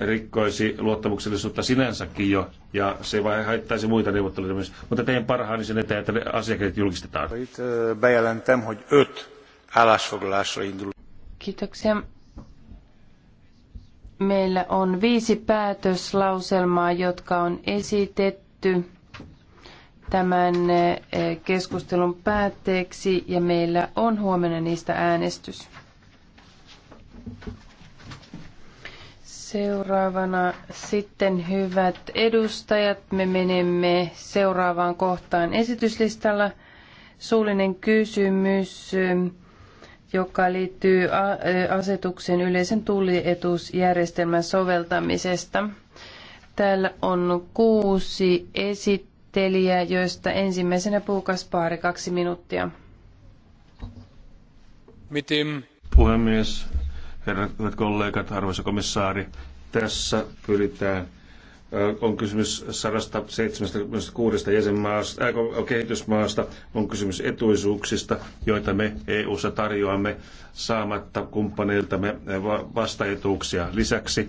rikkoisi luottamuksellisuutta sinänsäkin jo, ja se vai haittaisi muita neuvotteluita myös. Mutta teen parhaani sen eteen, että ne asiakirjat julkistetaan. indul. Kiitoksia. Meillä on viisi päätöslauselmaa, jotka on esitetty tämän keskustelun päätteeksi, ja meillä on huomenna niistä äänestys. Seuraavana sitten hyvät edustajat, me menemme seuraavaan kohtaan esityslistalla. Suullinen kysymys, ähm, joka liittyy äh, asetuksen yleisen tullietusjärjestelmän soveltamisesta. Täällä on kuusi esittelijää, joista ensimmäisenä puukas paari kaksi minuuttia. Mitim. Puhemies, Herrat kollegat, arvoisa komissaari, tässä pyritään on kysymys 176 jäsenmaasta, äh, kehitysmaasta, on kysymys etuisuuksista, joita me EU-ssa tarjoamme saamatta kumppaneiltamme vastaetuuksia. Lisäksi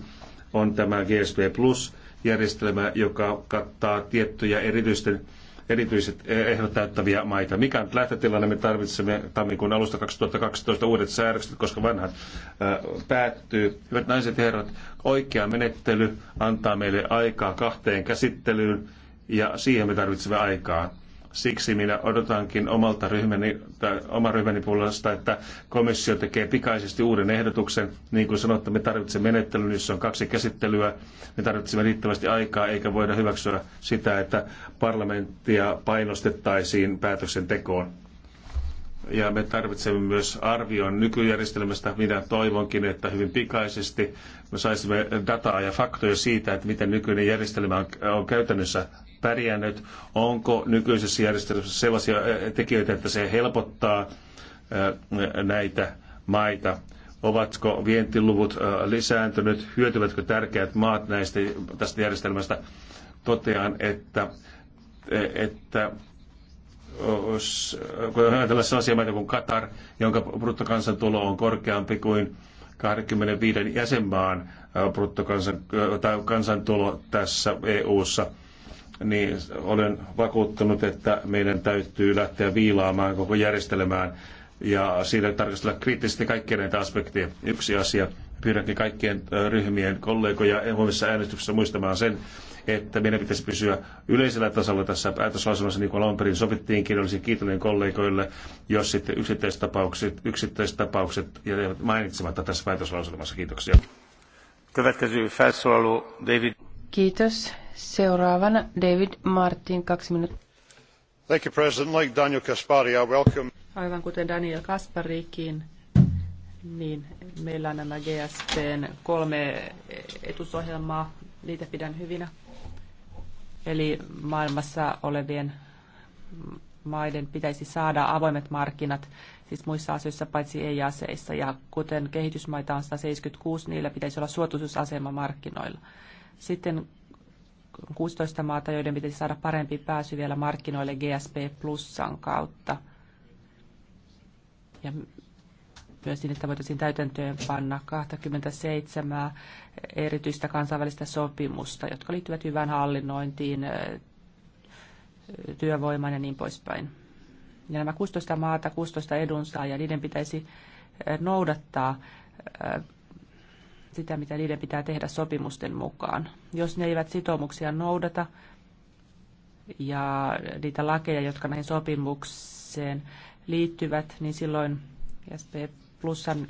on tämä GSP Plus-järjestelmä, joka kattaa tiettyjä erityisten erityiset eh, ehdot täyttäviä maita. Mikä on lähtötilanne? Me tarvitsemme tammikuun alusta 2012 uudet säädökset, koska vanhat eh, päättyy. Hyvät naiset ja herrat, oikea menettely antaa meille aikaa kahteen käsittelyyn ja siihen me tarvitsemme aikaa. Siksi minä odotankin omalta ryhmäni, tai oman ryhmäni puolesta, että komissio tekee pikaisesti uuden ehdotuksen. Niin kuin sanottu, me tarvitsemme menettelyn, jossa on kaksi käsittelyä. Me tarvitsemme riittävästi aikaa, eikä voida hyväksyä sitä, että parlamenttia painostettaisiin päätöksentekoon. Ja me tarvitsemme myös arvion nykyjärjestelmästä. Minä toivonkin, että hyvin pikaisesti me saisimme dataa ja faktoja siitä, että miten nykyinen järjestelmä on käytännössä pärjännyt. Onko nykyisessä järjestelmässä sellaisia tekijöitä, että se helpottaa näitä maita? Ovatko vientiluvut lisääntyneet? Hyötyvätkö tärkeät maat näistä, tästä järjestelmästä? Totean, että, että kun ajatellaan sellaisia maita kuin Katar, jonka bruttokansantulo on korkeampi kuin 25 jäsenmaan bruttokansantulo tässä EU:ssa. ssa niin olen vakuuttunut, että meidän täytyy lähteä viilaamaan koko järjestelmään ja siinä tarkastella kriittisesti kaikkia näitä aspekteja. Yksi asia, pyydänkin kaikkien ryhmien kollegoja huomisessa äänestyksessä muistamaan sen, että meidän pitäisi pysyä yleisellä tasolla tässä päätöslausunnossa, niin kuin alun perin sovittiinkin, olisin kiitollinen kollegoille, jos sitten yksittäiset tapaukset jäävät mainitsematta tässä päätöslausunnossa. Kiitoksia. David. Kiitos. Seuraavana David Martin, kaksi minuuttia. Thank you, President. Like Daniel Kaspari, I welcome... Aivan kuten Daniel Kasparikin, niin meillä on nämä GSPn kolme etusohjelmaa. Niitä pidän hyvinä. Eli maailmassa olevien maiden pitäisi saada avoimet markkinat, siis muissa asioissa paitsi ei-aseissa. Ja kuten kehitysmaita on 176, niillä pitäisi olla suotuisuusasema markkinoilla. Sitten 16 maata, joiden pitäisi saada parempi pääsy vielä markkinoille GSP Plusan kautta. Ja myös niin, että voitaisiin täytäntöön panna 27 erityistä kansainvälistä sopimusta, jotka liittyvät hyvään hallinnointiin, työvoimaan ja niin poispäin. Ja nämä 16 maata, 16 edunsaajaa, niiden pitäisi noudattaa sitä, mitä niiden pitää tehdä sopimusten mukaan. Jos ne eivät sitoumuksia noudata ja niitä lakeja, jotka näihin sopimukseen liittyvät, niin silloin SP Plusan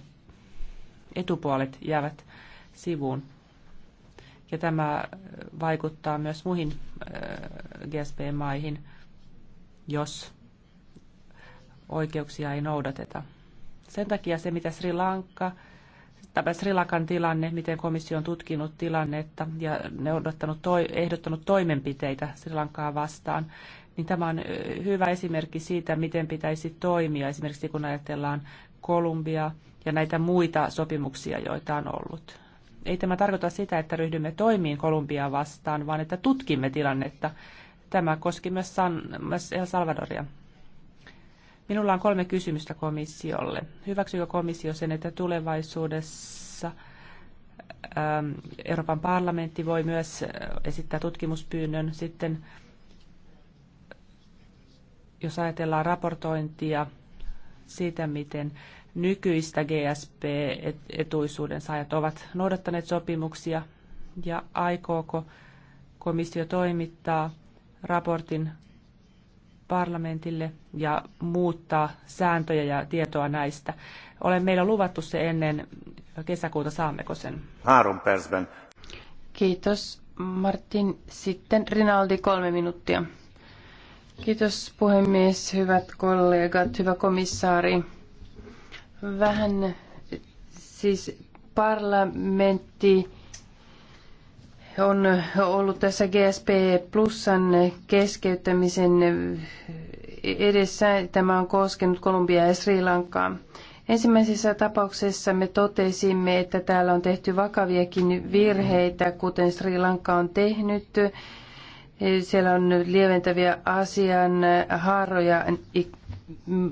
etupuolet jäävät sivuun. Ja tämä vaikuttaa myös muihin äh, GSP-maihin, jos oikeuksia ei noudateta. Sen takia se, mitä Sri Lanka tämä Sri Lankan tilanne, miten komissio on tutkinut tilannetta ja ne on ehdottanut toimenpiteitä Sri Lankaa vastaan, niin tämä on hyvä esimerkki siitä, miten pitäisi toimia, esimerkiksi kun ajatellaan Kolumbia ja näitä muita sopimuksia, joita on ollut. Ei tämä tarkoita sitä, että ryhdymme toimiin Kolumbiaa vastaan, vaan että tutkimme tilannetta. Tämä koski myös, San, myös El Salvadoria. Minulla on kolme kysymystä komissiolle. Hyväksyykö komissio sen, että tulevaisuudessa ähm, Euroopan parlamentti voi myös äh, esittää tutkimuspyynnön sitten, jos ajatellaan raportointia siitä, miten nykyistä GSP-etuisuuden saajat ovat noudattaneet sopimuksia ja aikooko komissio toimittaa raportin parlamentille ja muuttaa sääntöjä ja tietoa näistä. Olen meillä luvattu se ennen kesäkuuta, saammeko sen? Kiitos Martin. Sitten Rinaldi kolme minuuttia. Kiitos puhemies, hyvät kollegat, hyvä komissaari. Vähän siis parlamentti on ollut tässä GSP Plusan keskeyttämisen edessä. Tämä on koskenut Kolumbiaa ja Sri Lankaa. Ensimmäisessä tapauksessa me totesimme, että täällä on tehty vakaviakin virheitä, kuten Sri Lanka on tehnyt. Siellä on lieventäviä asian haaroja,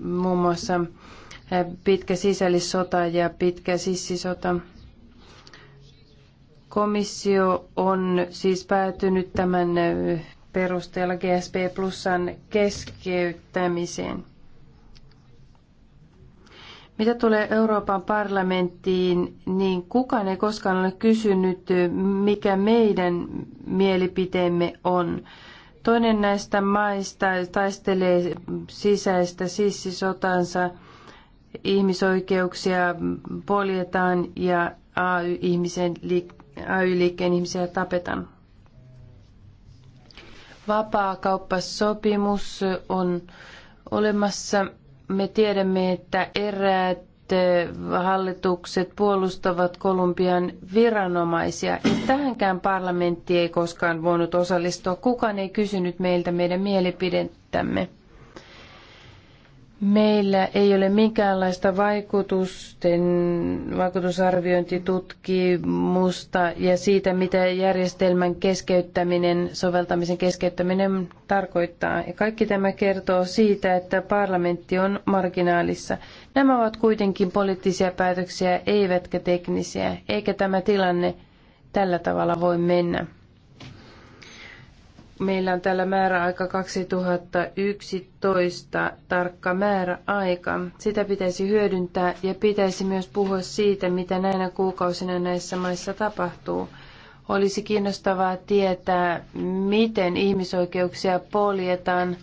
muun muassa pitkä sisällissota ja pitkä sissisota. Komissio on siis päätynyt tämän perusteella GSP Plusan keskeyttämiseen. Mitä tulee Euroopan parlamenttiin, niin kukaan ei koskaan ole kysynyt, mikä meidän mielipiteemme on. Toinen näistä maista taistelee sisäistä sissisotansa, ihmisoikeuksia poljetaan ja AY-ihmisen liik- AY-liikkeen ihmisiä tapetaan. Vapaakauppasopimus on olemassa. Me tiedämme, että eräät eh, hallitukset puolustavat Kolumbian viranomaisia. Ja tähänkään parlamentti ei koskaan voinut osallistua. Kukaan ei kysynyt meiltä meidän mielipidettämme. Meillä ei ole minkäänlaista vaikutusten, vaikutusarviointitutkimusta ja siitä, mitä järjestelmän keskeyttäminen, soveltamisen keskeyttäminen tarkoittaa. Ja kaikki tämä kertoo siitä, että parlamentti on marginaalissa. Nämä ovat kuitenkin poliittisia päätöksiä, eivätkä teknisiä, eikä tämä tilanne tällä tavalla voi mennä meillä on täällä määräaika 2011, tarkka määräaika. Sitä pitäisi hyödyntää ja pitäisi myös puhua siitä, mitä näinä kuukausina näissä maissa tapahtuu. Olisi kiinnostavaa tietää, miten ihmisoikeuksia poljetaan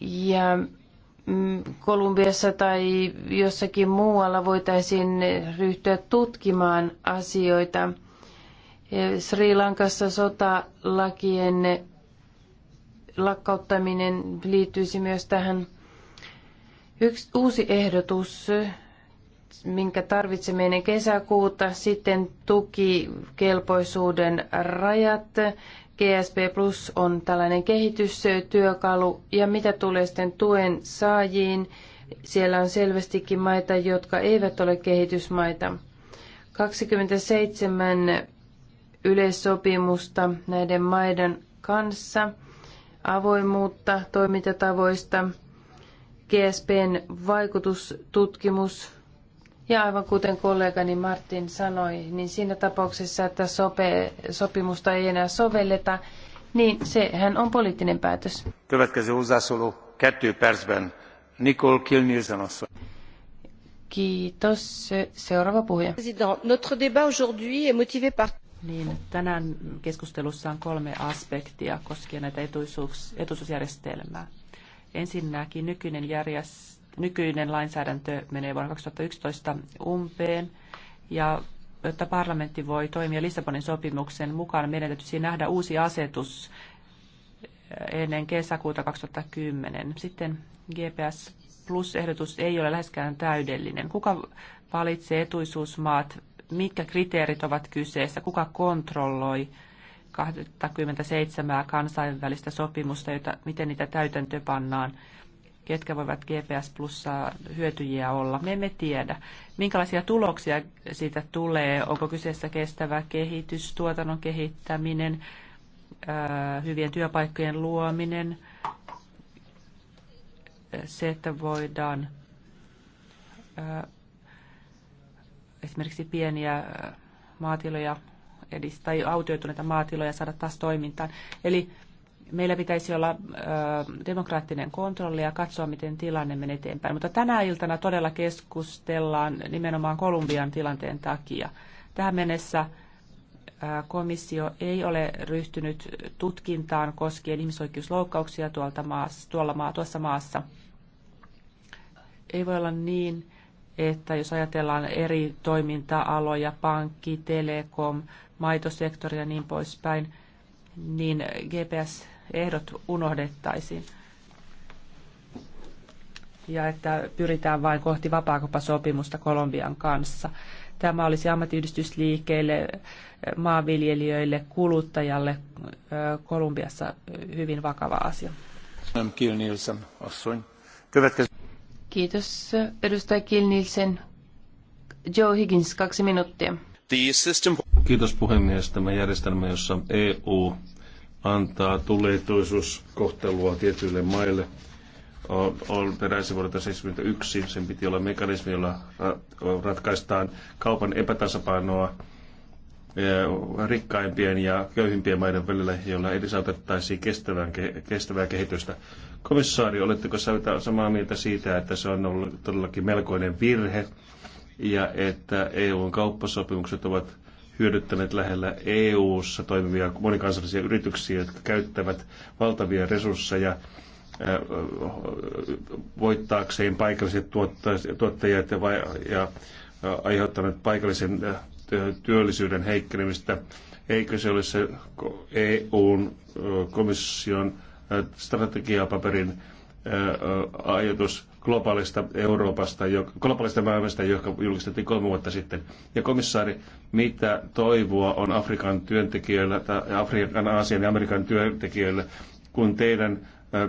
ja mm, Kolumbiassa tai jossakin muualla voitaisiin ryhtyä tutkimaan asioita – Sri Lankassa sotalakien lakkauttaminen liittyisi myös tähän. Yksi uusi ehdotus, minkä tarvitsemme ennen kesäkuuta, sitten tukikelpoisuuden rajat. GSP Plus on tällainen kehitystyökalu. Ja mitä tulee sitten tuen saajiin, siellä on selvästikin maita, jotka eivät ole kehitysmaita. 27 yleissopimusta näiden maiden kanssa, avoimuutta toimintatavoista, GSPn vaikutustutkimus ja aivan kuten kollegani Martin sanoi, niin siinä tapauksessa, että sope, sopimusta ei enää sovelleta, niin sehän on poliittinen päätös. Kiitos. Seuraava puhuja. Notre débat aujourd'hui est motivé par niin, tänään keskustelussa on kolme aspektia koskien näitä etuisuus, etuisuusjärjestelmää. Ensinnäkin nykyinen, järjest, nykyinen lainsäädäntö menee vuonna 2011 umpeen ja jotta parlamentti voi toimia Lissabonin sopimuksen mukaan, meidän täytyisi nähdä uusi asetus eh, ennen kesäkuuta 2010. Sitten GPS Plus-ehdotus ei ole läheskään täydellinen. Kuka valitsee etuisuusmaat mitkä kriteerit ovat kyseessä, kuka kontrolloi 27 kansainvälistä sopimusta, jota, miten niitä täytäntöpannaan, ketkä voivat GPS plussa hyötyjiä olla. Me emme tiedä, minkälaisia tuloksia siitä tulee, onko kyseessä kestävä kehitys, tuotannon kehittäminen, äh, hyvien työpaikkojen luominen, äh, se, että voidaan äh, esimerkiksi pieniä maatiloja edistää, tai autioituneita maatiloja saada taas toimintaan. Eli meillä pitäisi olla ö, demokraattinen kontrolli ja katsoa, miten tilanne menee eteenpäin. Mutta tänä iltana todella keskustellaan nimenomaan Kolumbian tilanteen takia. Tähän mennessä komissio ei ole ryhtynyt tutkintaan koskien ihmisoikeusloukkauksia tuolta maassa, tuolla maa, tuossa maassa. Ei voi olla niin, että jos ajatellaan eri toiminta-aloja, pankki, telekom, maitosektori ja niin poispäin, niin GPS-ehdot unohdettaisiin. Ja että pyritään vain kohti vapaakauppasopimusta Kolumbian kanssa. Tämä olisi ammattiyhdistysliikkeille, maanviljelijöille, kuluttajalle Kolumbiassa hyvin vakava asia. Kiel Nielsen, Kiitos edustaja Kilnilsen. Joe Higgins, kaksi minuuttia. Kiitos puhemies. Tämä järjestelmä, jossa EU antaa tulituisuuskohtelua tietyille maille, on, on peräisin vuodelta 1971. Sen piti olla mekanismi, jolla äh, ratkaistaan kaupan epätasapainoa äh, rikkaimpien ja köyhimpien maiden välillä, jolla edesautettaisiin kestävää kehitystä. Komissaari, oletteko samaa mieltä siitä, että se on ollut todellakin melkoinen virhe ja että EUn kauppasopimukset ovat hyödyttäneet lähellä EU-ssa toimivia monikansallisia yrityksiä, jotka käyttävät valtavia resursseja äh, voittaakseen paikalliset tuottajat ja, ja äh, aiheuttaneet paikallisen äh, työllisyyden heikkenemistä. Eikö se ole se EUn komission strategiapaperin ajatus globaalista Euroopasta, globaalista maailmasta, joka julkistettiin kolme vuotta sitten. Ja komissaari, mitä toivoa on Afrikan työntekijöillä, tai Afrikan, Aasian ja Amerikan työntekijöillä, kun teidän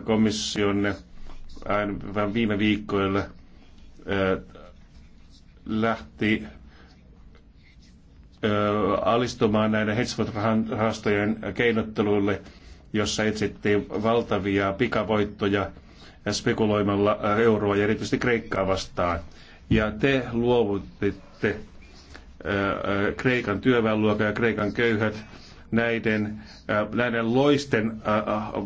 komissionne viime viikkoilla lähti alistumaan näiden hedge rahastojen keinotteluille – jossa etsittiin valtavia pikavoittoja spekuloimalla äh, euroa ja erityisesti Kreikkaa vastaan. Ja te luovutitte äh, äh, Kreikan työväenluokka ja Kreikan köyhät näiden, näiden loisten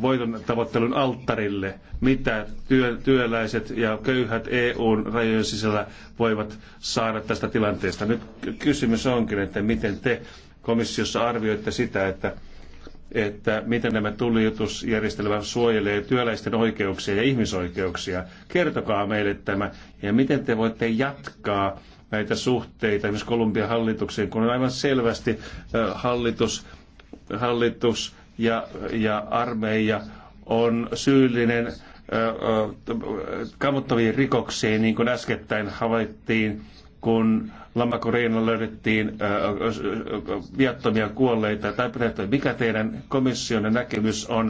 voiton tavoittelun alttarille, mitä työ, työläiset ja köyhät EUn rajojen sisällä voivat saada tästä tilanteesta. Nyt kysymys onkin, että miten te komissiossa arvioitte sitä, että että miten nämä tullitusjärjestelmä suojelee työläisten oikeuksia ja ihmisoikeuksia. Kertokaa meille tämä ja miten te voitte jatkaa näitä suhteita esimerkiksi Kolumbian hallitukseen, kun on aivan selvästi hallitus, hallitus ja, ja armeija on syyllinen kamottaviin rikoksiin, niin kuin äskettäin havaittiin kun Lama löydettiin äh, äh, viattomia kuolleita, tai että mikä teidän komission näkemys on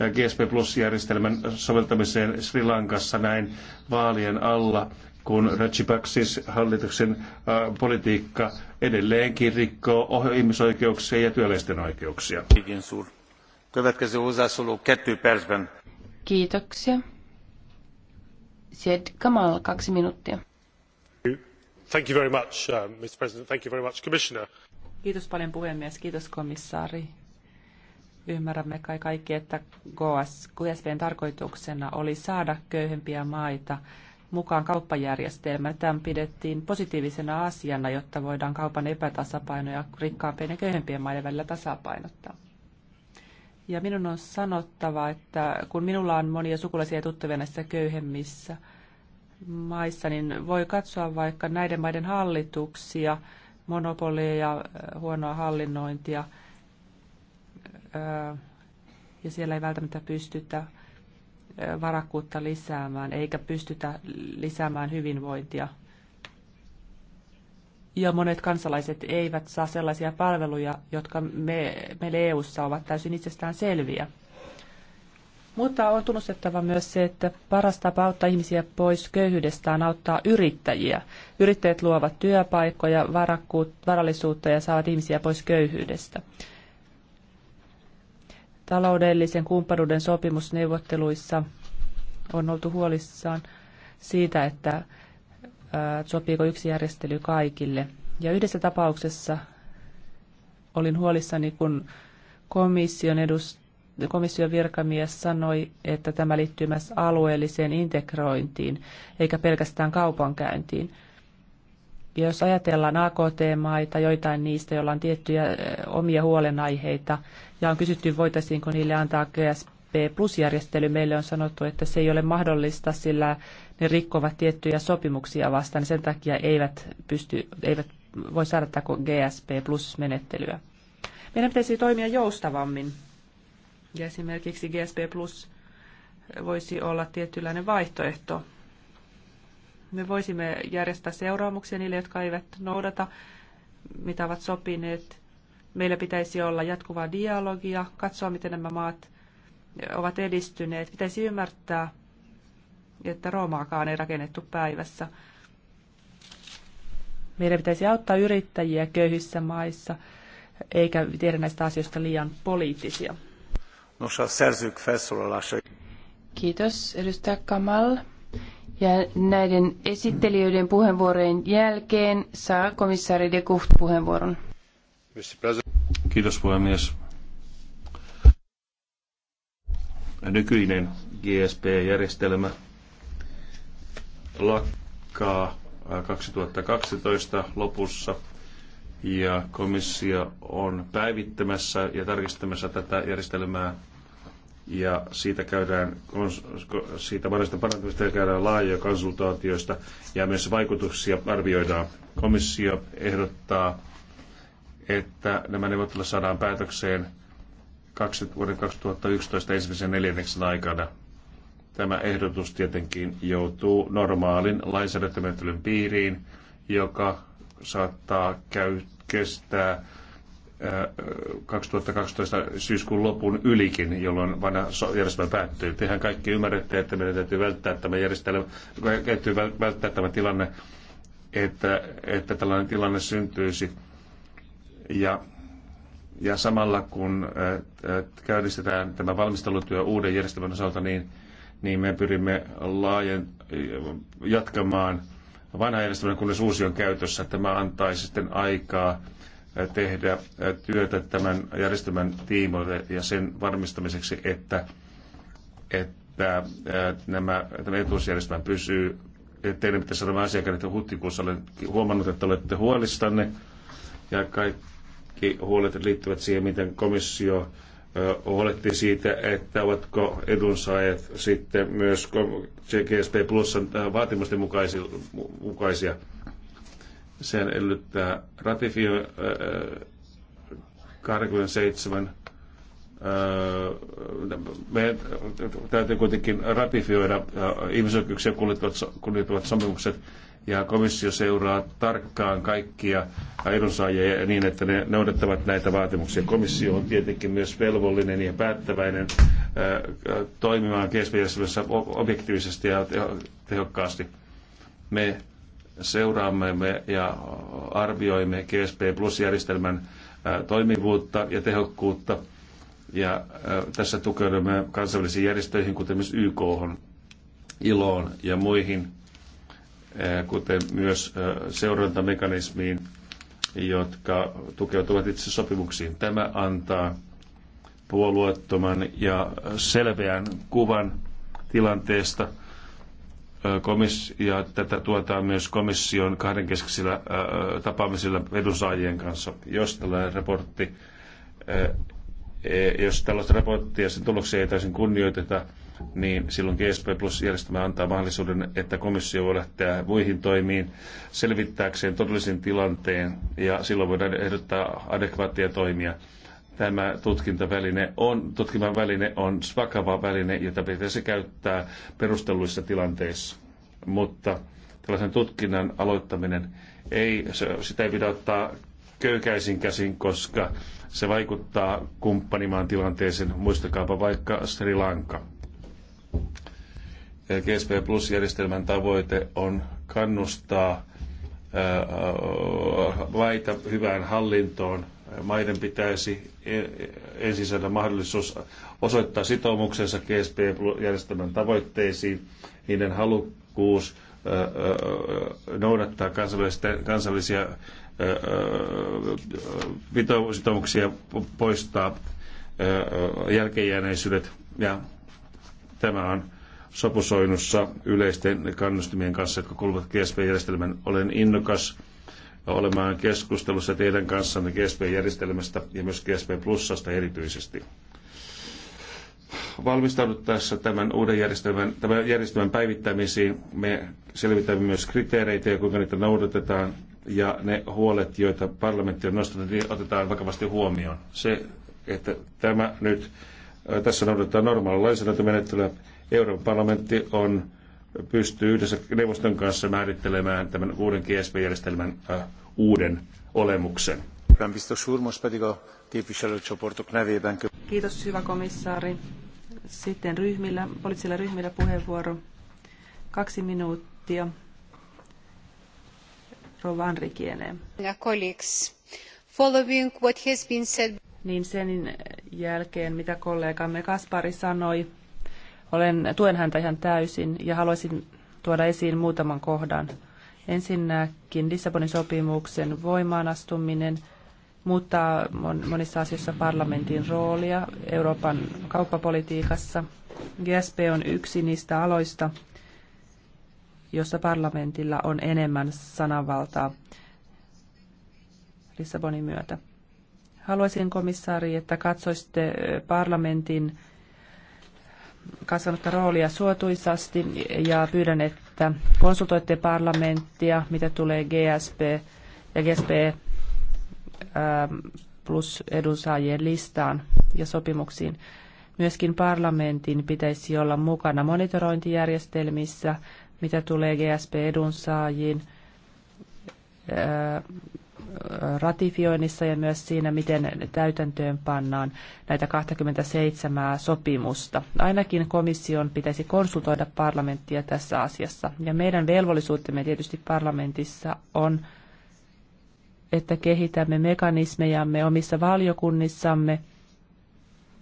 äh, GSP Plus-järjestelmän soveltamiseen Sri Lankassa näin vaalien alla, kun Rajapaksis hallituksen politiikka edelleenkin rikkoo oh-, ihmisoikeuksia ja työläisten oikeuksia. Kiitoksia. Sied Kamal, kaksi minuuttia. Uh, Mr. President. Thank you very much, Commissioner. Kiitos paljon puhemies, kiitos komissaari. Ymmärrämme kai kaikki, että GSPn tarkoituksena oli saada köyhempiä maita mukaan kauppajärjestelmään. Tämä pidettiin positiivisena asiana, jotta voidaan kaupan epätasapainoja rikkaampien ja köyhempien maiden välillä tasapainottaa. Ja minun on sanottava, että kun minulla on monia sukulaisia ja tuttavia näissä köyhemmissä maissa, niin voi katsoa vaikka näiden maiden hallituksia, monopoleja, äh, huonoa hallinnointia, äh, ja siellä ei välttämättä pystytä äh, varakkuutta lisäämään, eikä pystytä lisäämään hyvinvointia. Ja monet kansalaiset eivät saa sellaisia palveluja, jotka me, meille EU-ssa ovat täysin itsestään selviä. Mutta on tunnustettava myös se, että paras tapa auttaa ihmisiä pois köyhyydestä on auttaa yrittäjiä. Yrittäjät luovat työpaikkoja, varallisuutta ja saavat ihmisiä pois köyhyydestä. Taloudellisen kumppanuuden sopimusneuvotteluissa on oltu huolissaan siitä, että sopiiko yksi järjestely kaikille. Ja yhdessä tapauksessa olin huolissani, kun komission edustaja komission virkamies sanoi, että tämä liittyy myös alueelliseen integrointiin, eikä pelkästään kaupankäyntiin. Ja jos ajatellaan AKT-maita, joitain niistä, joilla on tiettyjä omia huolenaiheita, ja on kysytty, voitaisiinko niille antaa GSP Plus-järjestely, meille on sanottu, että se ei ole mahdollista, sillä ne rikkovat tiettyjä sopimuksia vastaan, niin sen takia eivät, pysty, eivät voi saada GSP Plus-menettelyä. Meidän pitäisi toimia joustavammin ja esimerkiksi GSP Plus voisi olla tietynlainen vaihtoehto. Me voisimme järjestää seuraamuksia niille, jotka eivät noudata, mitä ovat sopineet. Meillä pitäisi olla jatkuvaa dialogia, katsoa, miten nämä maat ovat edistyneet. Pitäisi ymmärtää, että Roomaakaan ei rakennettu päivässä. Meidän pitäisi auttaa yrittäjiä köyhissä maissa, eikä tehdä näistä asioista liian poliittisia. Nos, a szerzők felszólalása. Kiitos, edustaja Kamal. Ja näiden esittelijöiden puheenvuorojen jälkeen saa komissaari de Gucht puheenvuoron. Kiitos puhemies. Nykyinen GSP-järjestelmä lakkaa 2012 lopussa ja komissio on päivittämässä ja tarkistamassa tätä järjestelmää ja siitä käydään, siitä mahdollisesta parantamista käydään laajoja konsultaatioista ja myös vaikutuksia arvioidaan. Komissio ehdottaa, että nämä neuvottelut saadaan päätökseen vuoden 2011 ensimmäisen neljänneksen aikana. Tämä ehdotus tietenkin joutuu normaalin lainsäädäntömenettelyn piiriin, joka saattaa käy, kestää 2012 syyskuun lopun ylikin, jolloin vanha järjestelmä päättyy. Tehän kaikki ymmärrätte, että meidän täytyy välttää tämä järjestelmä, täytyy välttää tämä tilanne, että, että tällainen tilanne syntyisi. Ja, ja samalla kun käynnistetään tämä valmistelutyö uuden järjestelmän osalta, niin, niin me pyrimme laajen, jatkamaan – vanha järjestelmä, kunnes uusi on käytössä. Tämä antaisi sitten aikaa tehdä työtä tämän järjestelmän tiimoille ja sen varmistamiseksi, että, että nämä, tämä etuusjärjestelmä pysyy. Teidän pitäisi saada asiakirjat huhtikuussa. Olen huomannut, että olette huolistanne ja kaikki huolet liittyvät siihen, miten komissio huolehtii siitä, että ovatko edunsaajat sitten myös GSP Plusan vaatimusten mukaisia. Sen edellyttää ratifio 27 Öö, me täytyy kuitenkin ratifioida ihmisoikeuksia kuljettavat sopimukset ja komissio seuraa tarkkaan kaikkia edunsaajia niin, että ne noudattavat näitä vaatimuksia. Komissio on tietenkin myös velvollinen ja päättäväinen toimimaan keskustelussa objektiivisesti ja tehokkaasti. Me seuraamme ja arvioimme GSP Plus-järjestelmän toimivuutta ja tehokkuutta – ja tässä tukeudumme kansainvälisiin järjestöihin, kuten myös YK, ILOon ja muihin, kuten myös seurantamekanismiin, jotka tukeutuvat itse sopimuksiin. Tämä antaa puolueettoman ja selveän kuvan tilanteesta. Komissi- ja tätä tuetaan myös komission kahdenkeskisillä tapaamisilla edunsaajien kanssa, jos tällainen raportti Eh, jos tällaista raporttia sen tuloksia ei täysin kunnioiteta, niin silloin GSP Plus-järjestelmä antaa mahdollisuuden, että komissio voi lähteä muihin toimiin selvittääkseen todellisen tilanteen ja silloin voidaan ehdottaa adekvaattia toimia. Tämä tutkintaväline on, tutkimaväline on vakava väline, jota pitäisi käyttää perustelluissa tilanteissa. Mutta tällaisen tutkinnan aloittaminen ei, sitä ei pidä ottaa köykäisin käsin, koska se vaikuttaa kumppanimaan tilanteeseen. Muistakaapa vaikka Sri Lanka. GSP Plus-järjestelmän tavoite on kannustaa äh, laita hyvään hallintoon. Maiden pitäisi e, ensin saada mahdollisuus osoittaa sitoumuksensa GSP-järjestelmän tavoitteisiin, niiden halukkuus noudattaa kansallisia sitoumuksia poistaa jälkeenjääneisyydet ja tämä on sopusoinnussa yleisten kannustimien kanssa, jotka kuuluvat GSP-järjestelmän. Olen innokas olemaan keskustelussa teidän kanssanne GSP-järjestelmästä ja myös GSP plussasta erityisesti valmistauduttaessa tämän uuden järjestelmän, tämän järjestelmän päivittämisiin me selvitämme myös kriteereitä ja kuinka niitä noudatetaan ja ne huolet, joita parlamentti on nostanut, niin otetaan vakavasti huomioon. Se, että tämä nyt, äh, tässä noudatetaan normaalia lainsäädäntömenettelyä, Euroopan parlamentti on pystyy yhdessä neuvoston kanssa määrittelemään tämän uuden GSP-järjestelmän äh, uuden olemuksen. Kiitos hyvä komissaari. Sitten ryhmillä, poliittisilla ryhmillä puheenvuoro. Kaksi minuuttia. Rovan rikieneen. Following what has been said... Niin sen jälkeen, mitä kollegamme Kaspari sanoi, olen, tuen häntä ihan täysin ja haluaisin tuoda esiin muutaman kohdan. Ensinnäkin Lissabonin sopimuksen voimaanastuminen – muuttaa monissa asioissa parlamentin roolia Euroopan kauppapolitiikassa. GSP on yksi niistä aloista, jossa parlamentilla on enemmän sananvaltaa Lissabonin myötä. Haluaisin komissaari, että katsoisitte parlamentin kasvanutta roolia suotuisasti ja pyydän, että konsultoitte parlamenttia, mitä tulee GSP ja GSP Ähm, plus edunsaajien listaan ja sopimuksiin. Myöskin parlamentin pitäisi olla mukana monitorointijärjestelmissä, mitä tulee GSP-edunsaajiin, äh, ratifioinnissa ja myös siinä, miten täytäntöön pannaan näitä 27 sopimusta. Ainakin komission pitäisi konsultoida parlamenttia tässä asiassa. Ja meidän velvollisuutemme tietysti parlamentissa on että kehitämme mekanismejamme omissa valiokunnissamme,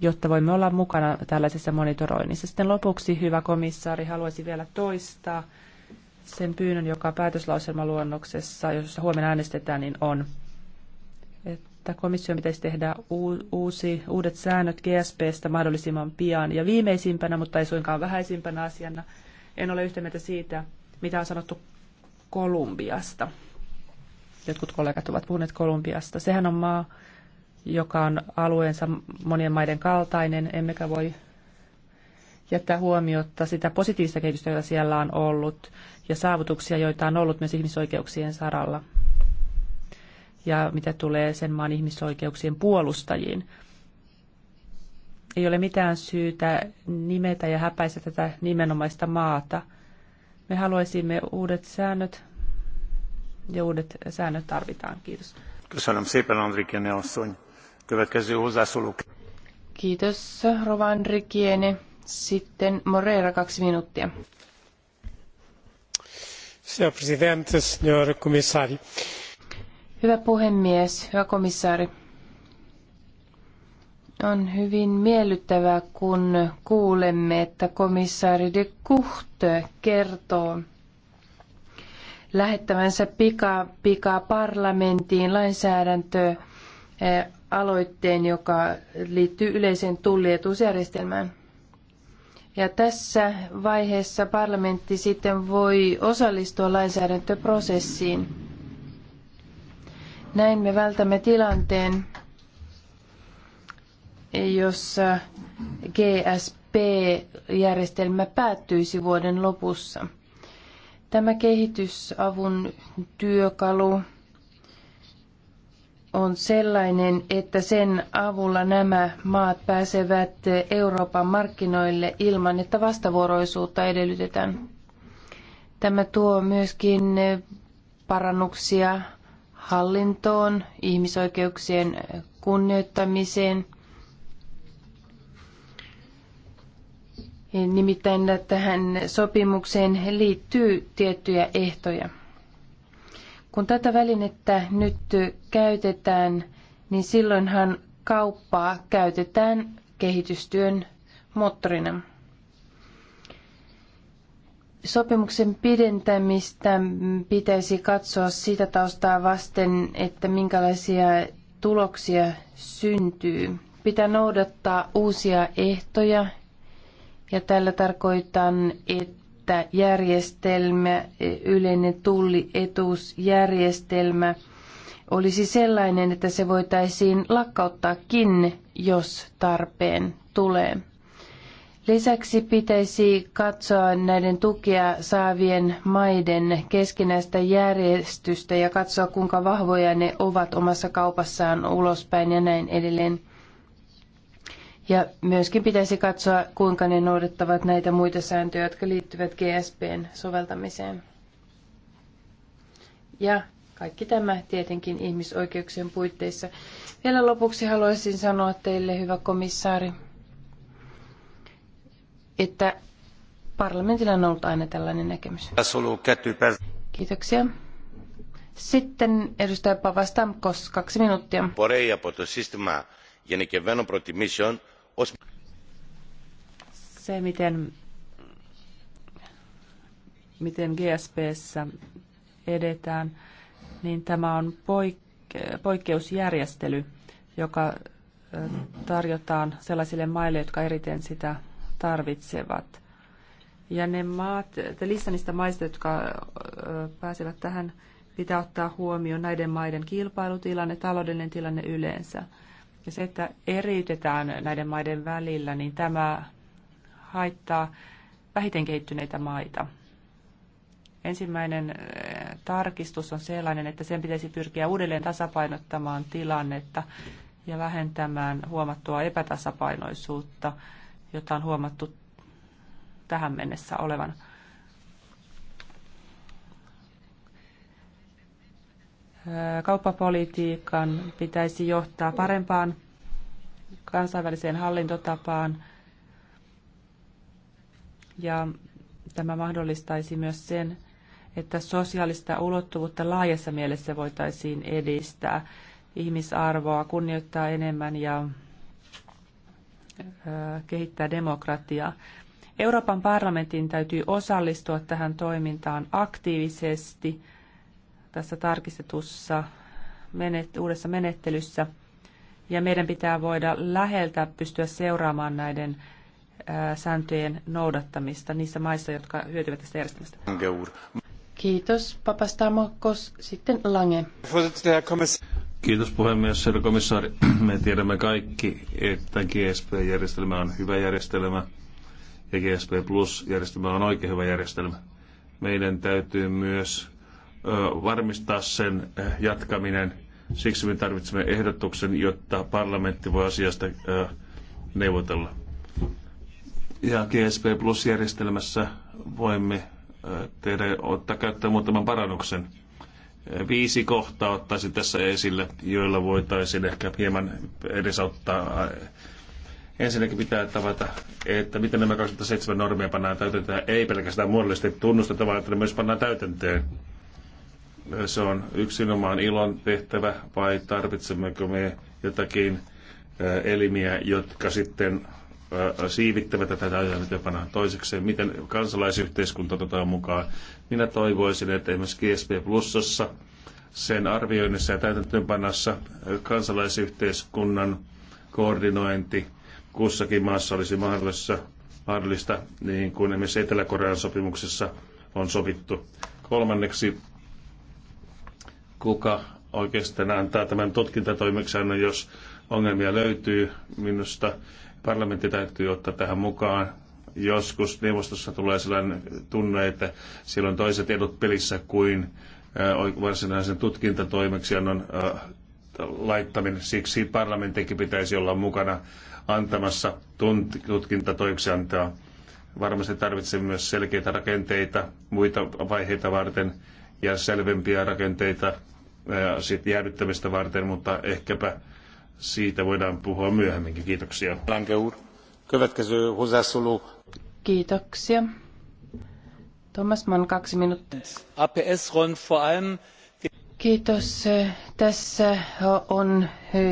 jotta voimme olla mukana tällaisessa monitoroinnissa. Sitten lopuksi, hyvä komissaari, haluaisin vielä toistaa sen pyynnön, joka päätöslauselmaluonnoksessa, jossa huomenna äänestetään, niin on, että komissio pitäisi tehdä uusi, uudet säännöt GSPstä mahdollisimman pian. Ja viimeisimpänä, mutta ei suinkaan vähäisimpänä asiana, en ole yhtä mieltä siitä, mitä on sanottu Kolumbiasta jotkut kollegat ovat puhuneet Kolumbiasta. Sehän on maa, joka on alueensa monien maiden kaltainen, emmekä voi jättää huomiota sitä positiivista kehitystä, jota siellä on ollut, ja saavutuksia, joita on ollut myös ihmisoikeuksien saralla. Ja mitä tulee sen maan ihmisoikeuksien puolustajiin. Ei ole mitään syytä nimetä ja häpäistä tätä nimenomaista maata. Me haluaisimme uudet säännöt ja uudet säännöt tarvitaan. Kiitos. Köszönöm szépen, Andrikene asszony. Következő hozzászóló. Kiitos, Rova Andrikiene. Sitten Moreira, kaksi minuuttia. Signor Presidente, signor Commissario. Hyvä puhemies, hyvä komissaari. On hyvin miellyttävää, kun kuulemme, että komissaari de Kucht kertoo – lähettävänsä pika, pika parlamenttiin lainsäädäntö aloitteen, joka liittyy yleiseen tullietuusjärjestelmään. Ja tässä vaiheessa parlamentti sitten voi osallistua lainsäädäntöprosessiin. Näin me vältämme tilanteen, jossa GSP-järjestelmä päättyisi vuoden lopussa. Tämä kehitysavun työkalu on sellainen, että sen avulla nämä maat pääsevät Euroopan markkinoille ilman, että vastavuoroisuutta edellytetään. Tämä tuo myöskin parannuksia hallintoon, ihmisoikeuksien kunnioittamiseen Nimittäin tähän sopimukseen liittyy tiettyjä ehtoja. Kun tätä välinettä nyt käytetään, niin silloinhan kauppaa käytetään kehitystyön moottorina. Sopimuksen pidentämistä pitäisi katsoa sitä taustaa vasten, että minkälaisia tuloksia syntyy. Pitää noudattaa uusia ehtoja ja tällä tarkoitan, että järjestelmä, yleinen tullietuusjärjestelmä olisi sellainen, että se voitaisiin lakkauttaakin, jos tarpeen tulee. Lisäksi pitäisi katsoa näiden tukea saavien maiden keskinäistä järjestystä ja katsoa, kuinka vahvoja ne ovat omassa kaupassaan ulospäin ja näin edelleen. Ja myöskin pitäisi katsoa, kuinka ne noudattavat näitä muita sääntöjä, jotka liittyvät GSPn soveltamiseen. Ja kaikki tämä tietenkin ihmisoikeuksien puitteissa. Vielä lopuksi haluaisin sanoa teille, hyvä komissaari, että parlamentilla on ollut aina tällainen näkemys. Kiitoksia. Sitten edustaja Pavastamkos, kaksi minuuttia. Porei από το σύστημα γενικευμένων se, miten, miten GSPssä edetään, niin tämä on poik- poikkeusjärjestely, joka tarjotaan sellaisille maille, jotka eriten sitä tarvitsevat. Ja ne maat, te lista niistä maista, jotka pääsevät tähän, pitää ottaa huomioon näiden maiden kilpailutilanne, taloudellinen tilanne yleensä. Ja se, että eriytetään näiden maiden välillä, niin tämä haittaa vähiten kehittyneitä maita. Ensimmäinen eh, tarkistus on sellainen, että sen pitäisi pyrkiä uudelleen tasapainottamaan tilannetta ja vähentämään huomattua epätasapainoisuutta, jota on huomattu tähän mennessä olevan. kauppapolitiikan pitäisi johtaa parempaan kansainväliseen hallintotapaan ja tämä mahdollistaisi myös sen, että sosiaalista ulottuvuutta laajassa mielessä voitaisiin edistää, ihmisarvoa kunnioittaa enemmän ja kehittää demokratiaa. Euroopan parlamentin täytyy osallistua tähän toimintaan aktiivisesti – tässä tarkistetussa menet- uudessa menettelyssä. Ja meidän pitää voida läheltä pystyä seuraamaan näiden sääntöjen noudattamista niissä maissa, jotka hyötyvät tästä järjestelmästä. Kiitos, Papastamokos. Sitten Lange. Kiitos puhemies, herra komissaari. Me tiedämme kaikki, että GSP-järjestelmä on hyvä järjestelmä ja GSP Plus-järjestelmä on oikein hyvä järjestelmä. Meidän täytyy myös varmistaa sen jatkaminen. Siksi me tarvitsemme ehdotuksen, jotta parlamentti voi asiasta neuvotella. Ja GSP Plus-järjestelmässä voimme tehdä, ottaa käyttöön muutaman parannuksen. Viisi kohtaa ottaisin tässä esille, joilla voitaisiin ehkä hieman edesauttaa ensinnäkin pitää tavata, että miten nämä 27 normia pannaan täytäntöön, ei pelkästään muodollisesti tunnusteta, vaan että ne myös pannaan täytäntöön se on yksinomaan ilon tehtävä vai tarvitsemmeko me jotakin elimiä, jotka sitten siivittävät tätä ajan täytäntöönpanoa toisekseen, miten kansalaisyhteiskunta otetaan mukaan. Minä toivoisin, että esimerkiksi GSP Plusossa sen arvioinnissa ja täytäntöönpanossa kansalaisyhteiskunnan koordinointi kussakin maassa olisi mahdollista, mahdollista niin kuin esimerkiksi Etelä-Korean sopimuksessa on sovittu. Kolmanneksi kuka oikeastaan antaa tämän tutkintatoimeksiannon, jos ongelmia löytyy. Minusta parlamentti täytyy ottaa tähän mukaan. Joskus neuvostossa tulee sellainen tunne, että siellä on toiset edut pelissä kuin varsinaisen tutkintatoimeksiannon laittaminen. Siksi parlamenttikin pitäisi olla mukana antamassa tutkintatoimeksiantoa. Varmasti tarvitsemme myös selkeitä rakenteita muita vaiheita varten ja selvempiä rakenteita sit jäädyttämistä varten, mutta ehkäpä siitä voidaan puhua myöhemminkin. Kiitoksia. Kiitoksia. Thomas Mann, kaksi minuuttia. APS Kiitos. Tässä on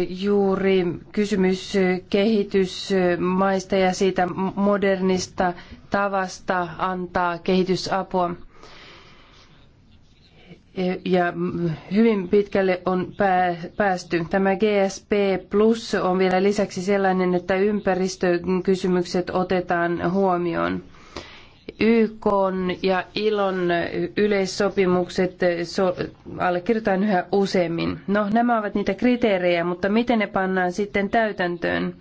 juuri kysymys kehitysmaista ja siitä modernista tavasta antaa kehitysapua ja hyvin pitkälle on päästy. Tämä GSP Plus on vielä lisäksi sellainen, että ympäristökysymykset otetaan huomioon. YK ja ILON yleissopimukset so, allekirjoitetaan yhä useammin. No, nämä ovat niitä kriteerejä, mutta miten ne pannaan sitten täytäntöön?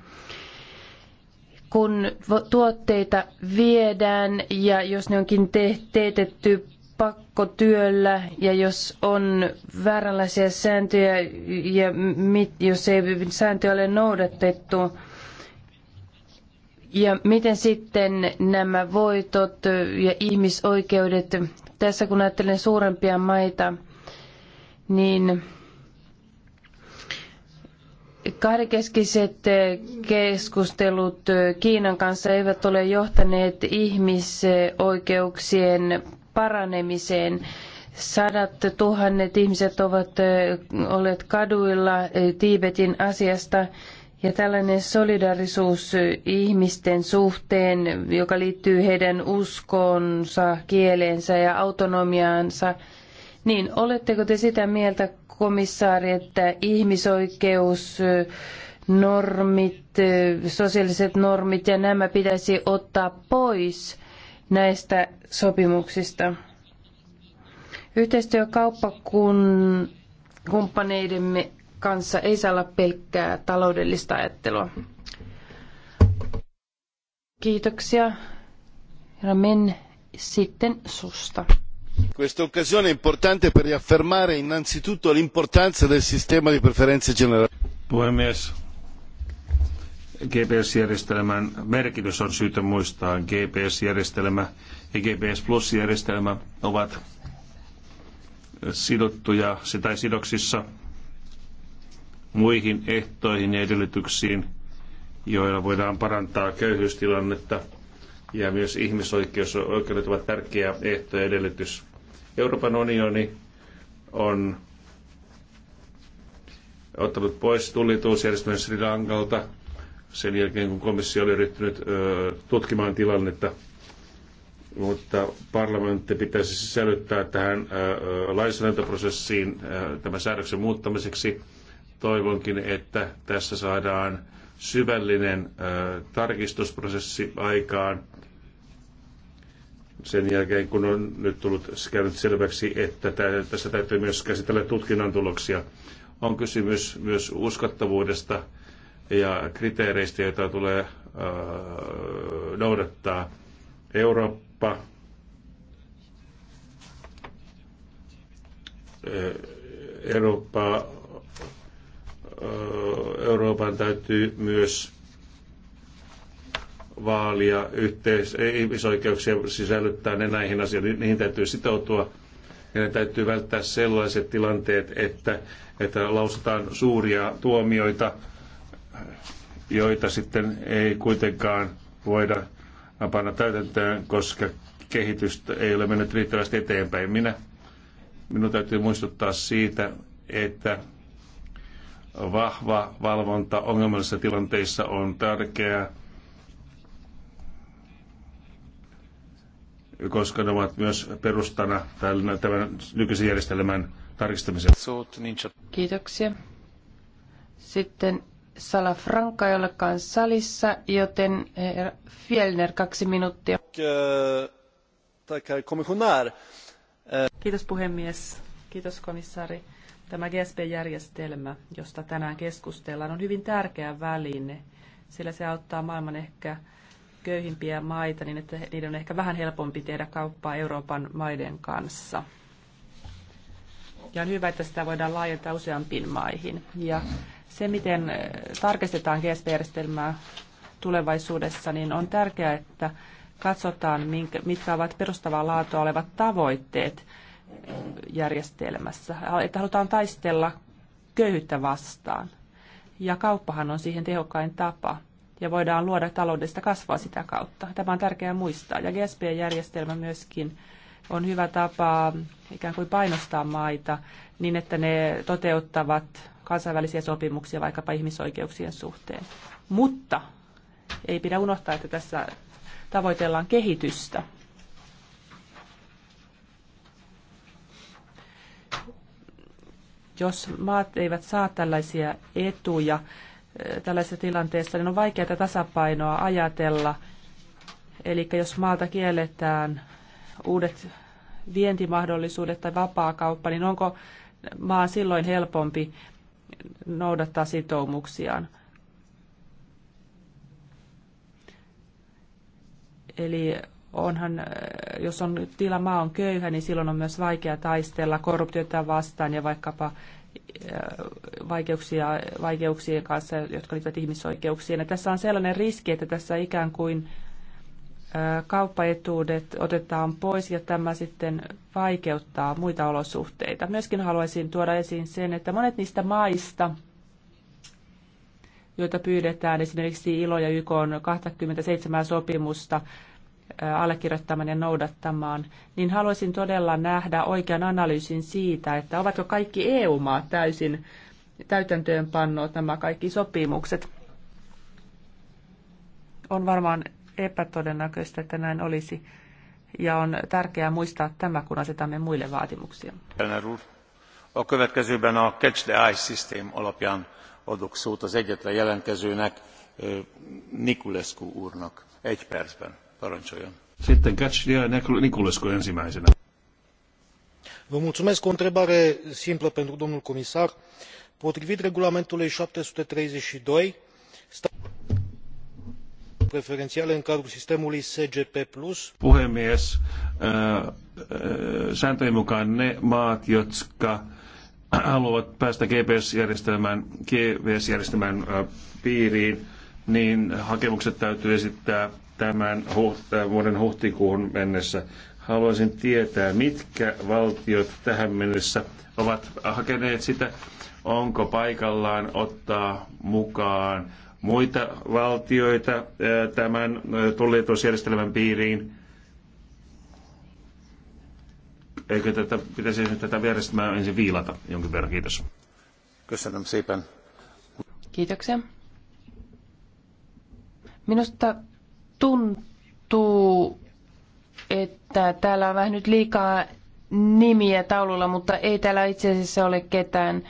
Kun tuotteita viedään ja jos ne onkin te- teetetty pakkotyöllä ja jos on vääränlaisia sääntöjä ja mit, jos ei sääntöjä ole noudatettu, ja miten sitten nämä voitot ja ihmisoikeudet, tässä kun ajattelen suurempia maita, niin kahdenkeskiset keskustelut Kiinan kanssa eivät ole johtaneet ihmisoikeuksien paranemiseen. Sadat tuhannet ihmiset ovat olleet kaduilla Tiibetin asiasta ja tällainen solidarisuus ihmisten suhteen, joka liittyy heidän uskonsa, kieleensä ja autonomiaansa, niin oletteko te sitä mieltä, komissaari, että ihmisoikeus, normit, sosiaaliset normit ja nämä pitäisi ottaa pois – näistä sopimuksista. Yhteistyö kauppakumppaneidemme kanssa ei saa olla pelkkää taloudellista ajattelua. Kiitoksia. Ja men sitten susta. Questa occasione è importante per riaffermare innanzitutto l'importanza del sistema di preferenze generali. Puhemies, GPS-järjestelmän merkitys on syytä muistaa. GPS-järjestelmä ja GPS Plus-järjestelmä ovat sidottuja tai sidoksissa muihin ehtoihin ja edellytyksiin, joilla voidaan parantaa köyhyystilannetta ja myös ihmisoikeudet ovat tärkeä ehto ja edellytys. Euroopan unioni on ottanut pois tullituusjärjestelmän Sri Lankalta – sen jälkeen, kun komissio oli ryhtynyt tutkimaan tilannetta. Mutta parlamentti pitäisi sisällyttää tähän lainsäädäntöprosessiin tämän säädöksen muuttamiseksi. Toivonkin, että tässä saadaan syvällinen tarkistusprosessi aikaan sen jälkeen, kun on nyt tullut käynyt selväksi, että tässä täytyy myös käsitellä tutkinnan tuloksia. On kysymys myös uskottavuudesta ja kriteereistä, joita tulee äh, noudattaa. Eurooppa äh, Eurooppa, äh, Euroopan täytyy myös vaalia yhteis- ihmisoikeuksia, sisällyttää ne näihin asioihin, niin niihin täytyy sitoutua. Ja ne täytyy välttää sellaiset tilanteet, että, että lausutaan suuria tuomioita joita sitten ei kuitenkaan voida panna täytäntöön, koska kehitys ei ole mennyt riittävästi eteenpäin. Minä, minun täytyy muistuttaa siitä, että vahva valvonta ongelmallisissa tilanteissa on tärkeää, koska ne ovat myös perustana tämän, tämän nykyisen järjestelmän tarkistamiselle. Kiitoksia. Sitten Salafranca ei olekaan salissa, joten eh, Fjellner, kaksi minuuttia. Eh, eh. Kiitos puhemies. Kiitos komissaari. Tämä GSP-järjestelmä, josta tänään keskustellaan, on hyvin tärkeä väline, sillä se auttaa maailman ehkä köyhimpiä maita, niin että niiden on ehkä vähän helpompi tehdä kauppaa Euroopan maiden kanssa. Ja on hyvä, että sitä voidaan laajentaa useampiin maihin. Ja se, miten eh, tarkistetaan GSP-järjestelmää tulevaisuudessa, niin on tärkeää, että katsotaan, mitkä ovat perustavaa laatua olevat tavoitteet eh, järjestelmässä, että halutaan taistella köyhyyttä vastaan. Ja kauppahan on siihen tehokkain tapa ja voidaan luoda taloudellista kasvua sitä kautta. Tämä on tärkeää muistaa. Ja GSP-järjestelmä myöskin on hyvä tapa ikään kuin painostaa maita niin, että ne toteuttavat kansainvälisiä sopimuksia vaikkapa ihmisoikeuksien suhteen. Mutta ei pidä unohtaa, että tässä tavoitellaan kehitystä. Jos maat eivät saa tällaisia etuja eh, tällaisessa tilanteessa, niin on vaikeaa tasapainoa ajatella. Eli jos maalta kielletään uudet vientimahdollisuudet tai vapaakauppa, niin onko maan silloin helpompi noudattaa sitoumuksiaan? Eli onhan, jos on tila maa on köyhä, niin silloin on myös vaikea taistella korruptiota vastaan ja vaikkapa vaikeuksia, vaikeuksien kanssa, jotka liittyvät ihmisoikeuksiin. Ja tässä on sellainen riski, että tässä ikään kuin kauppaetuudet otetaan pois ja tämä sitten vaikeuttaa muita olosuhteita. Myöskin haluaisin tuoda esiin sen, että monet niistä maista, joita pyydetään esimerkiksi ILO ja YK on 27 sopimusta allekirjoittamaan ja noudattamaan, niin haluaisin todella nähdä oikean analyysin siitä, että ovatko kaikki EU-maat täysin täytäntöönpannoa nämä kaikki sopimukset. On varmaan epätodennäköistä, että näin olisi. Ja on tärkeää muistaa tämä, kun asetamme muille vaatimuksia. A következőben a Catch the Eye System alapján adok szót az egyetlen jelentkezőnek, Nikulescu úrnak. Egy percben. Parancsoljon. Sitten Catch the Eye Nikulescu ensimmäisenä. Vă mulțumesc. O întrebare simplă pentru domnul comisar. Potrivit regulamentului 732, preferențiale în cadrul sistemului SGP+. Puhemies, sääntöjen mukaan ne maat, jotka haluavat päästä GPS-järjestelmän, GPS-järjestelmän piiriin, niin hakemukset täytyy esittää tämän vuoden huhtikuun mennessä. Haluaisin tietää, mitkä valtiot tähän mennessä ovat hakeneet sitä, onko paikallaan ottaa mukaan muita valtioita tämän tullietuusjärjestelmän piiriin. Eikö tätä, pitäisi nyt tätä järjestelmää ensin viilata jonkin verran? Kiitos. Kiitoksia. Minusta tuntuu, että täällä on vähän nyt liikaa nimiä taululla, mutta ei täällä itse asiassa ole ketään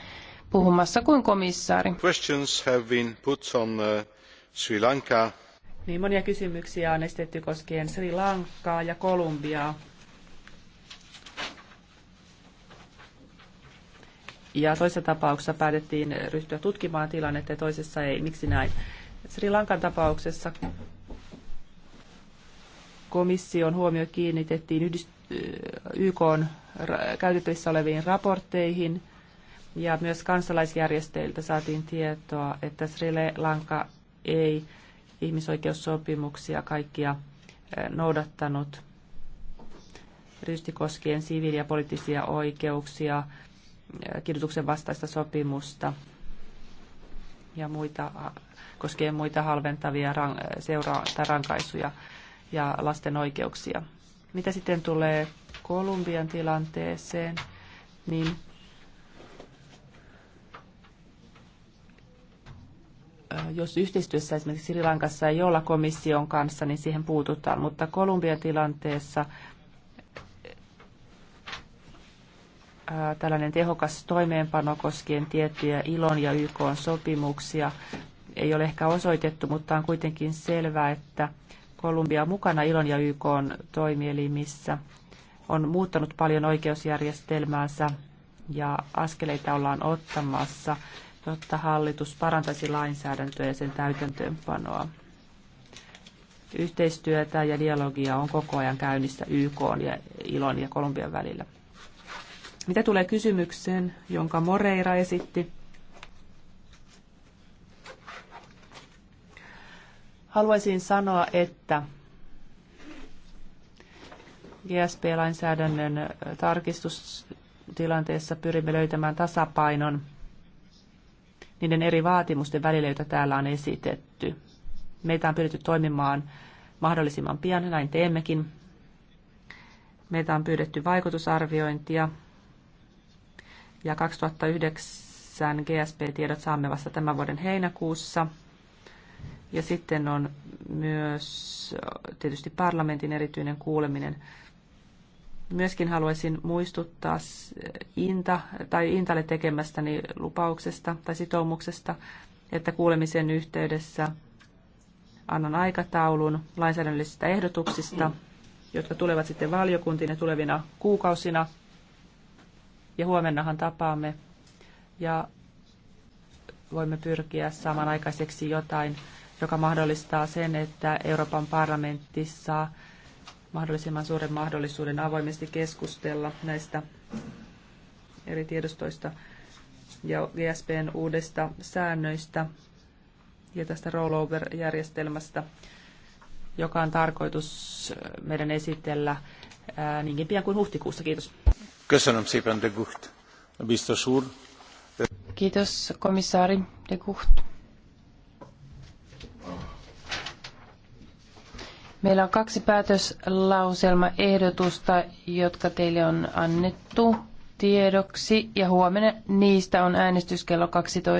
puhumassa kuin komissaari. Uh, niin monia kysymyksiä on esitetty koskien Sri Lankaa ja Kolumbiaa. Ja toisessa tapauksessa päätettiin ryhtyä tutkimaan tilannetta ja toisessa ei. Miksi näin? Sri Lankan tapauksessa komission huomio kiinnitettiin YK käytettävissä oleviin raportteihin – ja myös kansalaisjärjestöiltä saatiin tietoa, että Sri Lanka ei ihmisoikeussopimuksia kaikkia eh, noudattanut rystikoskien siviili- ja poliittisia oikeuksia, eh, kidutuksen vastaista sopimusta ja muita, koskien muita halventavia rank- eh, seura- tai rankaisuja ja lasten oikeuksia. Mitä sitten tulee Kolumbian tilanteeseen, niin jos yhteistyössä esimerkiksi Sri Lankassa ei olla komission kanssa, niin siihen puututaan. Mutta Kolumbian tilanteessa tällainen tehokas toimeenpano koskien tiettyjä ilon ja YK sopimuksia ei ole ehkä osoitettu, mutta on kuitenkin selvää, että Kolumbia on mukana ilon ja YK toimielimissä on muuttanut paljon oikeusjärjestelmäänsä ja askeleita ollaan ottamassa jotta hallitus parantaisi lainsäädäntöä ja sen täytäntöönpanoa. Yhteistyötä ja dialogia on koko ajan käynnissä YK ja Ilon ja Kolumbian välillä. Mitä tulee kysymykseen, jonka Moreira esitti? Haluaisin sanoa, että GSP-lainsäädännön tarkistustilanteessa pyrimme löytämään tasapainon niiden eri vaatimusten välillä, joita täällä on esitetty. Meitä on pyydetty toimimaan mahdollisimman pian, näin teemmekin. Meitä on pyydetty vaikutusarviointia ja 2009 GSP-tiedot saamme vasta tämän vuoden heinäkuussa. Ja sitten on myös tietysti parlamentin erityinen kuuleminen Myöskin haluaisin muistuttaa Inta, tai Intalle tekemästäni lupauksesta tai sitoumuksesta, että kuulemisen yhteydessä annan aikataulun lainsäädännöllisistä ehdotuksista, jotka tulevat sitten valiokuntiin ja tulevina kuukausina. Ja huomennahan tapaamme ja voimme pyrkiä saamaan aikaiseksi jotain, joka mahdollistaa sen, että Euroopan parlamentissa saa mahdollisimman suuren mahdollisuuden avoimesti keskustella näistä eri tiedostoista ja GSPn e uudesta säännöistä ja tästä rollover-järjestelmästä, joka on tarkoitus äh, meidän esitellä äh, niinkin pian kuin huhtikuussa. Kiitos. Kiitos komissaari de Gucht. Meillä on kaksi päätöslauselmaehdotusta, jotka teille on annettu tiedoksi ja huomenna niistä on äänestys kello 12.